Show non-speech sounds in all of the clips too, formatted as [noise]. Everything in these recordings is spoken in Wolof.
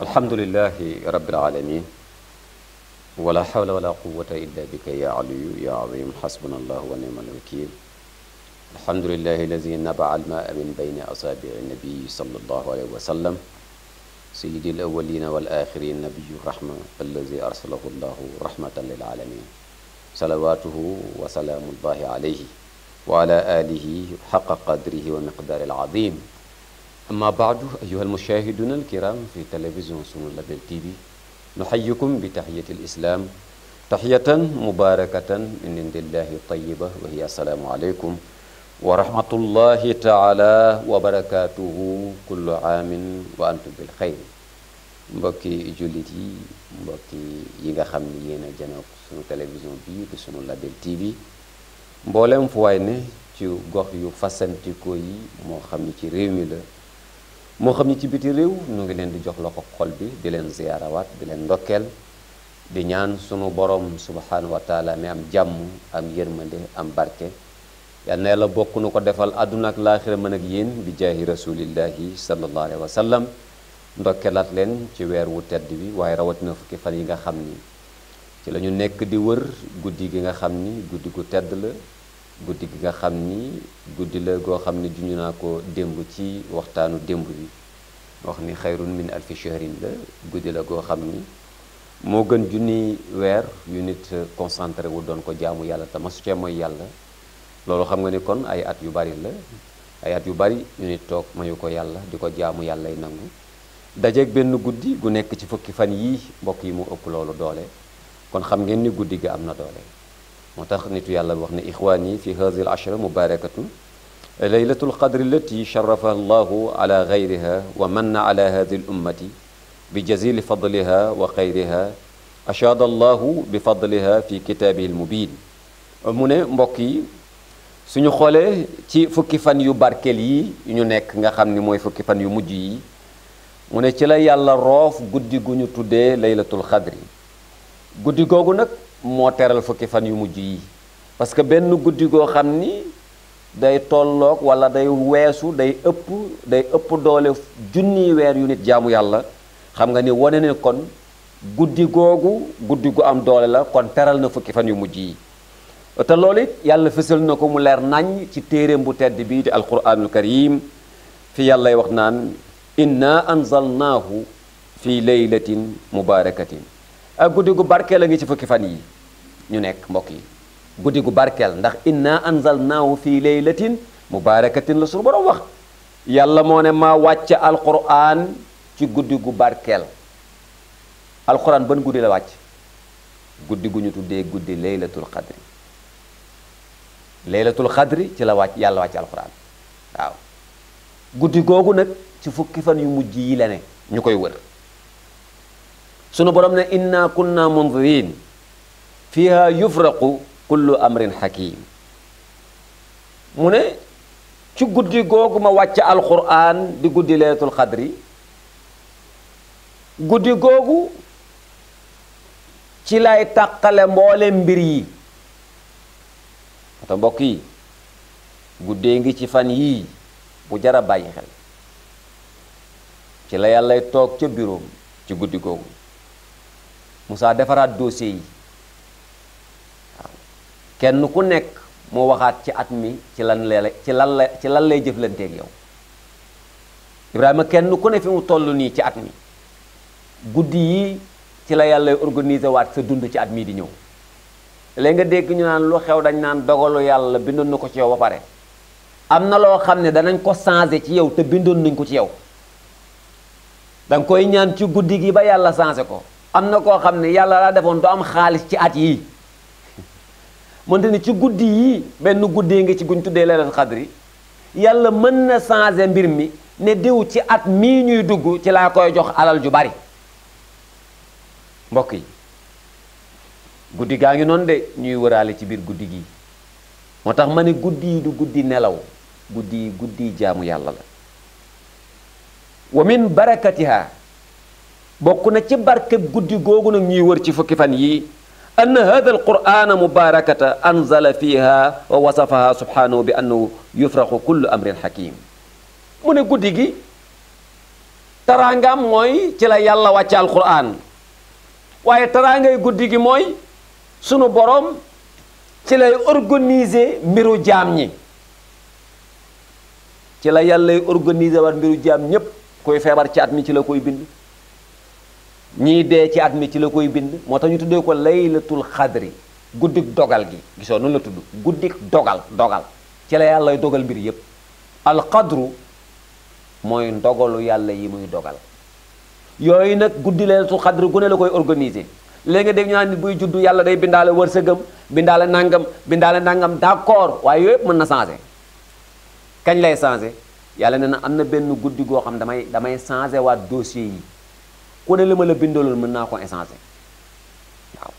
alhamdulilahi rabbil alamin wala hawla wala quwata illa bika ya aliyu ya azim xasbuna allah wa nimal wakil alhamdulilahi alladi nabaa almaa min bayni asaabii nabiyi sallallahu alayhi wa sallam sayidi al awalina wal axirin nabiyu rahma alladi arsalahu llahu rahmatan lil alamin salawaatuhu wa salaamullahi alayhi wa ala alihi xaqa qadrihi wa miqdaari al azim أما بعد أيها المشاهدون الكرام في تلفزيون سنو لابل تي في نحييكم بتحية الإسلام تحية مباركة من عند الله الطيبة وهي السلام عليكم ورحمة الله تعالى وبركاته كل عام وأنتم بالخير mbokki jullit yi mbokki yi nga xam ni yéen a janook sunu télévision bii di sunu label TV mboolem fu waay ne ci gox yu fasantikoo yi moo xam ni ci réew mi la moo xam ni ci biti réew mu ngi leen di jox la ko xol bi di leen ziyaarawaat di leen ndokkeel di ñaan sunu borom subhanahu wa taala mi am jàmm am yërmande am barke yal na yàlla bokk nu ko defal àdduna ak laaxira mën ak yéen bi jaahi rasulillahi sallallahu alayhi wa sallam ndokkeelaat leen ci weer wu tedd bi waaye rawatina fukki fan yi nga xam ni ci lañu nekk di wër guddi gi nga xam ni guddi gu tedd la guddi gi nga xam ni guddi la goo xam ni junni naa ko démb ci waxtaanu démb bi wax ni xayrun min alfi la guddi la goo xam ni moo gën junni weer yu nit concentré wu doon ko jaamu yàlla te su cee mooy yàlla loolu xam nga ni kon ay at yu bari la ay at yu bari yu nit toog mayu ko yàlla di ko jaamu yàllay nangu dajeeg benn guddi gu nekk ci fukki fan yii mbokk yi mu ëpp loolu doole kon xam ngeen ni guddi gi am na doole moo tax nitu yàlla wax ne ixwaan yi fi haazihil ashra mubarakatun laylatul qadri allati sharafaha allahu ala gayriha wa manna ala haadihi l ummati bi jazili fadliha wa xayriha ashaada allahu bi fadliha fi kitaabihi l mubin mu ne mbokk yi suñu xoolee ci fukki fan yu barkeel yi ñu nekk nga xam ni mooy fukki fan yu mujj yi mu ne ci la yàlla roof guddi gu ñu tuddee laylatul xadri guddi googu nag moo teral fukki fan yu mujj yi parce que benn guddi goo xam ni day tolloog wala day weesu day ëpp day ëpp doole junni weer yu nit jaamu yàlla xam nga ni wane ne kon guddi googu guddi gu am doole la kon teral na fukki fan yu mujj yi te loolu it yàlla fësal na ko mu leer nañ ci téereem bu tedd bii di alquranul karim fi yàllay wax naan inna anzalnaahu fi laylatin mubarakatin Ah, guddi gu barkeel a ngi ci fukki fan yi ñu nekk mbokk yi guddi gu barkeel ndax inna anzalnaahu fii laylatin mubarakatin la suñu borom wax yàlla moo ne ma wàcc alquran ci guddi gu barkeel alquran ban guddi la wàcc guddi gu ñu tuddee guddi laylatul xadri laylatul xadri ci la wàcc yàlla wàcc alquran waaw guddi googu nag ci fukki fan yu mujj yi la ne ñu koy wër sunu borom na inna kunna mundirin fiha yufraqu kullu amrin hakim mu ne ci guddi googu ma wàcc alquran di guddi leetul xadri guddi googu ci lay tàqale mboole mbir yi te mbokk yi guddee ngi ci fan yii bu jara bàyyi xel ci la yàllay toog ca biróom ci guddi googu musaa defaraat dossier yi waaw kenn ku nekk moo waxaat ci at mi ci lan la ci lan la ci lan lay jëflanteeg yow Ibrahima kenn ku ne fi mu toll nii ci at mi guddi yi ci la yàlla organise waat sa dund ci at mii di ñëw léegi nga dégg ñu naan lu xew dañ naan dogalu yàlla bindoon na ko ci yow ba pare am na loo xam ne danañ ko changé ci yow te bindoon nañ ko ci yow danga koy ñaan ci guddi gi ba yàlla changé ko am na koo xam ne yàlla laa defoon du am xaalis ci at yii mënte ni ci guddi yii benn guddee nga ci guñ tuddee leneen xadri yàlla mën na changer mbir mi ne diw ci at mii ñuy dugg ci laa koy jox alal ju bari mbokk yi guddi gaa ngi noonu de ñuy wëraale ci biir guddi gi moo tax ma ne guddi yi du guddi nelaw guddi yi guddi jaamu yàlla la wa min barakatiha bokk na ci barkeb guddi googu nag ñuy wër ci fukki fan yii ann hada alqurana mubarakata anzala fiha wa wasafaha subhanahu bi annahu yufraxu kullu amrin hakim mu ne guddi gi taraangaam mooy ci la yàlla wàcce alquran waaye taraangay guddi gi mooy sunu boroom ci lay organiser mbiru jaam ñi ci la yàllay organiser war mbiru jaam ñépp koy feebar ci at mi ci la koy bind ñii dee ci at mi ci la koy bind moo tax ñu tuddee ko laylatul xadri guddik dogal gi gisoo noonu la tudd guddik dogal dogal ci la yàlla dogal mbir yépp xadru mooy dogalu yàlla yi muy dogal yooyu nag guddi laylatul xadri gu ne la koy organiser léegi nga dégg ñu naan juddu yàlla day bindaale wërsëgam bindaale nangam bindaale nangam d'accord waaye mën na changer kañ lay changer yàlla nee na am na benn guddi goo xam damay damay changer waat dossier yi ku ne li ma la bindaloon mën naa ko inchangé waaw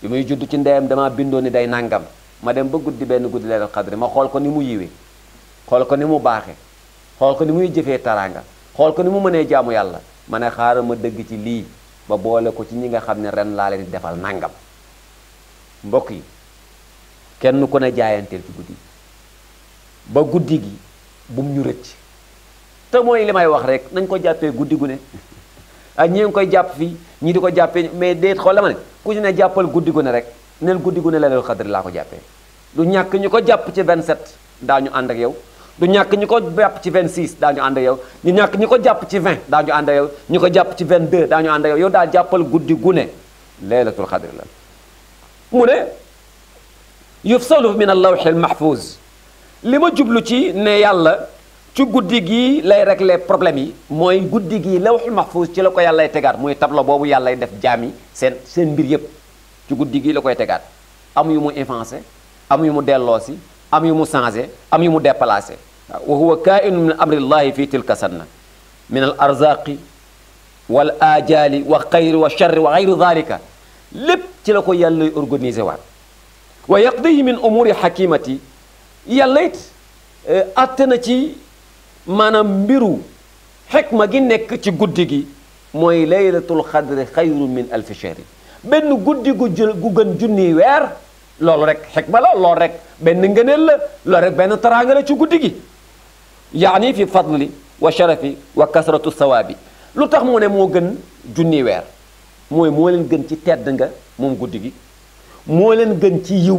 bi muy judd ci ndeyam damaa bindoo ni day nangam ma dem ba guddi benn guddi leeral xadri ma xool ko ni mu yiwee xool ko ni mu baaxee xool ko ni muy jëfee taraanga xool ko ni mu mënee jàmm yàlla ma ne xaaral ma dëgg ci lii ba boole ko ci ñi nga xam ne ren laa leen defal nangam mbokk yi kenn ko ne jaayanteel ci guddi ba guddi gi bum ñu rëcc te mooy li may wax rek nañ ko jàppee guddi gu ne [laughs] ah ñi ngi koy jàpp fii ñi di ko jàppee mais déet xool la ma ne ku ci ne jàppal guddi gu ne rek neel guddi gu ne laylatul xadr laa ko jàppee du ñàkk ñu ko jàpp ci 27 daa ñu ànd ak yow du ñàkk ñu ko jàpp ci 26 daa ñu ànd ak yow ñu ñàkk ñu ko jàpp ci 20 daa ñu ànd ak yow ñu ko jàpp ci 22 daa ñu ànd yow daa jàppal guddi gu ne laylatul xadr la mu ne yufsalu min allawxil mahfuz li ma jublu ci ne yàlla ci guddi gi lay régler problème yi mooy guddi gi lawhul mahfuz ci la ko yàllay tegaat mooy tableau boobu yàllay def jaam yi seen seen mbir yépp ci guddi gi la koy tegaat am yu mu influencé am yu mu delloosi am yu mu changé am yu mu déplacé wa huwa kaa'inu min amrillahi fi tilka sanna min al arzaqi wal ajali wa xayri wa charri wa xayri dalika lépp ci la ko yàllay organisé waat wa yaqdihi min umuri xakimati yàlla it atte eh, ci maanaam mbiru xikma gi nekk ci guddi gi mooy laylatul xadri xayru min alfi shahri benn guddi gu jël gu gën junni weer loolu rek xikma la loolu rek benn ngëneel la loolu rek benn taraanga ci guddi gi yaani fi fadli wa sharafi wa kasratu sawaabi lu tax mu ne moo gën junni weer mooy moo leen gën ci tedd nga moom guddi gi moo leen gën ci yiw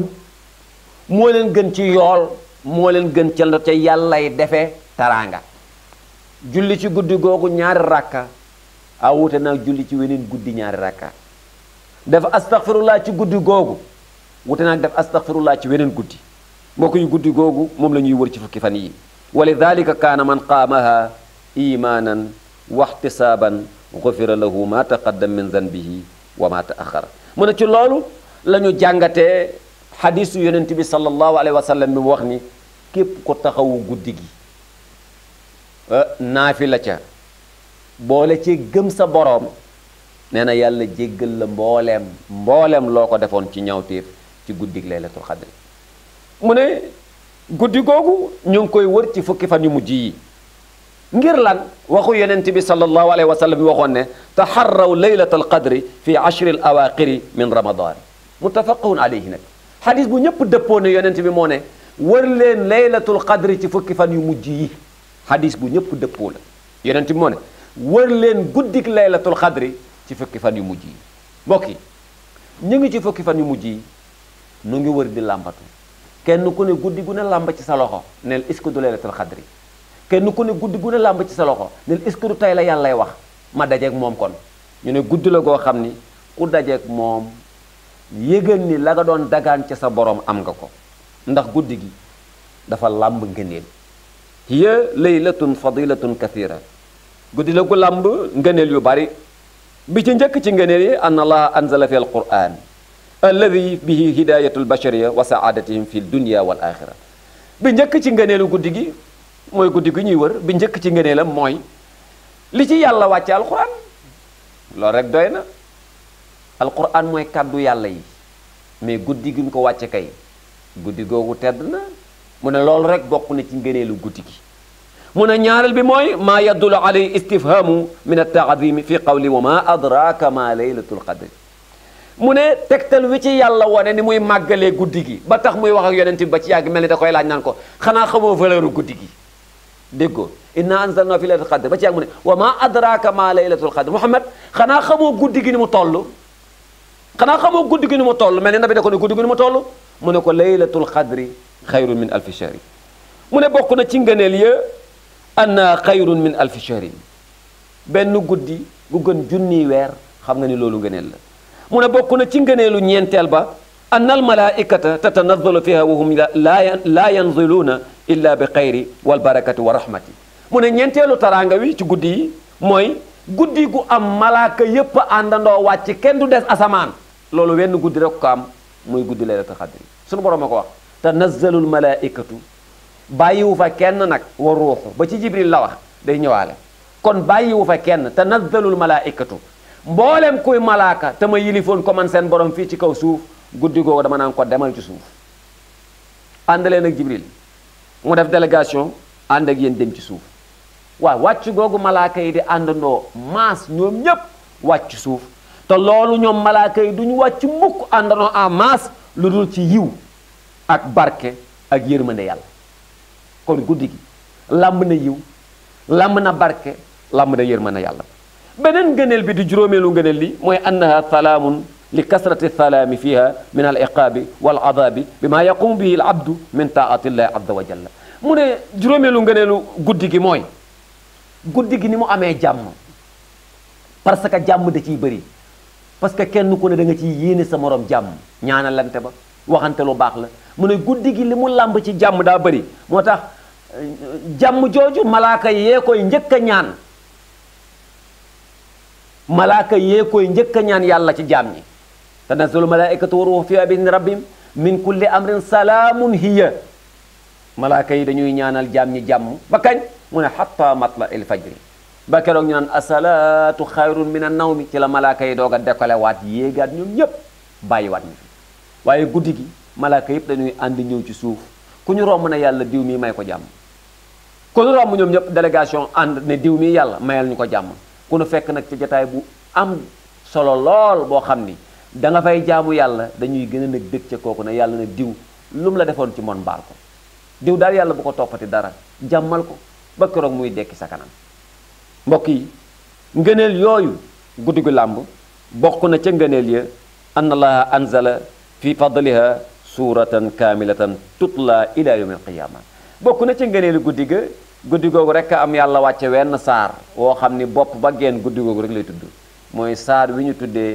moo leen gën ci yool moo leen gën ca la ca yàllay defee taraanga julli ci guddi googu ñaari rakka a wuute naag julli ci weneen guddi ñaari rakka def astaghfirullah ci guddi googu wuute naag def astaghfirullah ci weneen guddi mbokk yu guddi googu moom la ñuy wër ci fukki fan yi wa lidalika kaana man qaamaha imaanan waxtisaaban gufira lahu ma taqaddam min zanbihi ci loolu la ñu jàngatee xadiisu yonent bi sallallahu alayhi wa wax ni képp ku taxawu guddi gi Euh, naafila ca boole ci gëm sa boroom nee na yàlla jéggal la mbooleem mboolem loo ko defoon ci ñawteef ci guddig laylatul xadri mu ne guddi googu ñu ngi koy wër ci fukki fan yu mujj yi ngir lan waxu yonent bi sallallahu alayhi wa sallam bi waxoon ne taxarraw laylatul qadri fi ashri al awaqiri min ramadaan muttafaqun alayhi nag xadis bu ñëpp dëppoo ne yonent bi moo ne wër leen laylatul qadri ci fukki fan yu mujj yi xadis bu ñëpp dëppoo la yonent bi moo ne wër leen guddik laylatul xadri ci fukki fan yu mujj yi mbokk yi ñu ngi ci fukki fan yu mujj yi nu ngi wër di làmbatu kenn ku ne guddi gu ne làmb ci sa loxo neel est-ce que du laylatul xadri kenn ku ne guddi gu ne ci sa loxo neel est-ce que du tey la yàllay wax ma dajeeg moom kon ñu ne guddi la goo xam ni ku dajeeg moom yëgal ni la nga doon dagaan ca sa borom am nga ko ndax guddi gi dafa làmb ngëneel hiya laylatun fadilatun kathira guddi la gu làmb ngëneel yu bari bi ci njëkk ci ngëneel yi an allah anzala fi al quran alladi bihi hidayatu albashariya wa saadatihim fi dunia wal axira bi njëkk ci ngëneelu guddi gi mooy guddi gi ñuy wër bi njëkk ci ngëneelam mooy li ci yàlla wàcce alquran loolu rek doy na alquran mooy kàddu yàlla yi mais guddi gi ñu ko wàcce kay guddi googu tedd na mu ne loolu rek bokk na ci ngëneelu guddi gi mu ne ñaareel bi mooy maa yaddulu alay istifhamu min altaadimi fi qawli wa ma adraka ma laylatul qadri mu ne tegtal wi ci yàlla ne ni muy màggalee guddi gi ba tax muy wax ak yonent bi ba ci yàgg mel ni da koy laaj naan ko xanaa xamoo valeuru guddi gi déggoo inna anzalna fi laylatul qadr ba ci yàgg mu ne wa ma adraka ma laylatul qadr muhammad xanaa xamoo guddi gi ni mu toll xanaa guddi gi ni mu toll mel ni nabi da ko ne guddi gi toll mu ne ko laylatul qadri xayrun min alfi shahri mu ne bokk na ci ngëneel ya anna xayrun min alfi shahri benn guddi gu gën junniy weer xam nga ni loolu gëneel la mu ne bokk na ci ngëneelu ñeenteel ba anna almalaikata tatanazalu fiha wa hum laa yanziluuna illa bi xayri walbarakati wa rahmati mu ne ñeenteelu taraanga wi ci guddi yi mooy guddi gu am malaaka yépp àndandoo wàcc kenn du des asamaan loolu wenn guddi rek ko am muy guddi laylatul xadri sunu borom a ko wax te tanazzalul malaikatu bàyyiwu fa kenn nag wa ruuxu ba ci jibril la wax day ñëwaale kon bàyyiwu fa kenn tanazzalul malaikatu mboolem kuy malaaka te ma yilifoon ko man seen borom fii ci kaw suuf guddi googu dama naan ko demal ci suuf ànd leen ak jibril mu def délégation ànd ak yéen dem ci suuf waaw wàcc googu malaaka yi di àndandoo maas ñoom ñépp wàcc suuf te loolu ñoom malaaka yi duñu wàcc mukk àndandoo en maas lu dul ci yiw ak barke ak yërmande yàlla kon guddi gi làmb na yiw lamb na barke làmb na yërmande yàlla beneen ngëneel bi di juróomeelu ngëneel li mooy annaha salaamun li kasrati salaami fiha min al iqaabi wal adaabi bi maa yaqumu bihi al abdu min taatillahi azza wa jalla mu ne juróomeelu ngëneelu guddi gi mooy guddi gi ni mu amee jàmm parce que jàmm da ciy bëri parce que kenn ku ne danga nga ciy sa morom jàmm ñaanalante ba waxante lu baax la mu ne guddi gi li mu làmb ci jàmm daa bëri moo tax euh, jàmm jooju malaaka yee koy njëkk a ñaan malaaka yee koy njëkk a ñaan yàlla ci jaam ñi tanazzalu malaikatu wa ruuhu fiha bi idni min kulli amrin salaamun hiya malaaka yi dañuy ñaanal jaam ñi jàmm ba kañ mu ne xatta matla il ba keroog ñu naan asalaatu xayrun min an nawmi ci la malaaka yi doog a décolle waat yéegaat ñoom ñépp bàyyi waat ñu fi waaye guddi gi malaaka yëpp dañuy ànd ñëw ci suuf ku ñu romb na yàlla diw mii may ko jàmm ku ñu romb ñoom ñëpp délégation ànd ne diw mii yàlla mayal ñu ko jàmm ku nu fekk nag ci jataay bu am solo lool boo xam ni danga nga fay jaamu yàlla dañuy gën a nag dëkk ca kooku ne yàlla ne diw lu mu la defoon ci mon mbaal ko diw daal yàlla bu ko toppati dara jàmmal ko ba keroog muy dekki sa kanam mbokk yi ngëneel yooyu guddi gu làmb bokk na ca ngëneel ya anna allaha anzala fi fadliha suuratan kaamilatan tutla ila yawm alqiyama bokk na ci ngëneelu guddi ga guddi googu rek am yàlla wàcce wenn saar woo xam ni bopp ba geen guddi googu rek lay tudd mooy saar wi ñu tuddee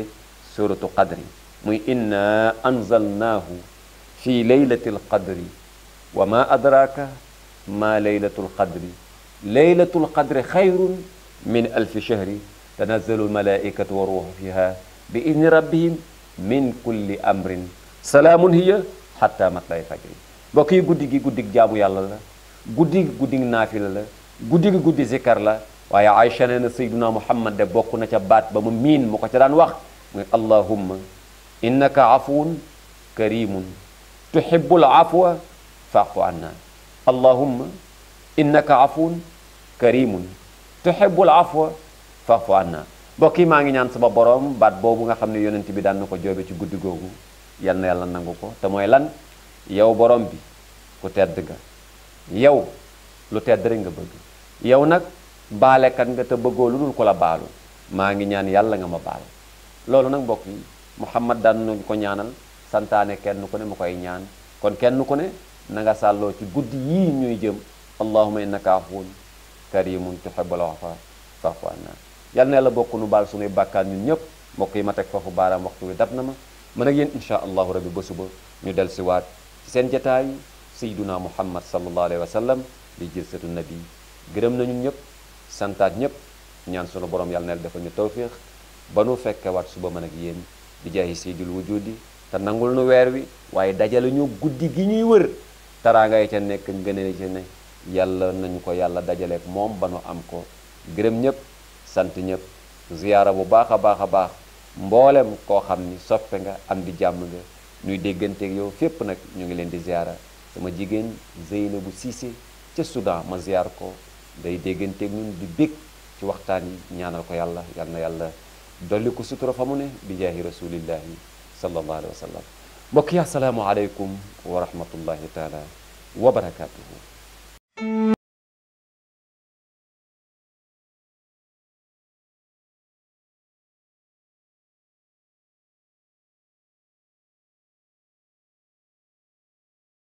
suratu qadri muy inna anzalnaahu fi leylati alqadri wa ma adraka ma leylatu alqadri leylatu alqadri xayrun min alfi shahri tanazzalu almalaikatu wa ruuhu fiha bi idni rabbihim min kulli amrin salaamun hiya xatta matlay fajri mbokk yi guddi gi guddig jaamu yàlla la guddi guddig naafila la guddi gi guddi zikkar la waaye Aïcha nee na sayduna Muhammad de bokk na ca baat ba mu miin mu ko ca daan wax muy allahumma innaka afuun karimun tuhibbul afwa faafu anna allahumma innaka afuun karimun tuhibbul afwa faafu anna mbokk yi maa ngi ñaan sama borom baat boobu nga xam ne yonent bi daan na ko joobe ci guddi googu yal na yàlla nangu ko te mooy lan yow borom bi ku tedd ga yow lu tedd rek nga bëgg yow nag baalekat nga te bëggoo lu dul ko la baalu maa ngi ñaan yàlla nga ma baal loolu nag mbokk yi Muhammad daan nañu ko ñaanal santaane kenn ku ne mu koy ñaan kon kenn ku ne na nga sàlloo ci guddi yii ñuy jëm allahuma innaka afuwun karimun tuhibbul afwa fa'fu anna yal na yàlla bokk nu baal sunuy bàkkaar ñun ñëpp mbokk yi ma teg foofu baaraam waxtu wi dab na ma man ak yéen incha allahu rabbi ba suba ñu del siwaat ci seen jataayu sayyiduna muhammad sallallahu alayhi wa sallam di jël satu nabi gërëm nañu ñëpp santaat ñëpp ñaan sunu borom yàlla neel dafa ñu tawfiix ba nu fekkewaat suba man ak yéen di jaayi sayyidul wujudi te nangul nu weer wi waaye dajale ñu guddi gi ñuy wër taraanga yi ca nekk ngëneel ci ne yàlla nañu ko yàlla dajaleek moom ba nu am ko gërëm ñëpp sant ñëpp ziyaara bu baax a baax a baax mboolem koo xam ni soppe nga am di jàmm nga nuy dégganteeg yow fépp nag ñu ngi leen di ziara sama jigéen Zeynabu Cissé ca Soudan ma ziar ko day dégganteeg ñun di bég ci waxtaan yi ñaanal ko yàlla yal na yàlla dolli ko sutura fa mu ne bi jaahi rasulillahi sallallahu alayhi wa sallam mbokk yi asalaamu aleykum wa rahmatullahi taala wa barakaatuhu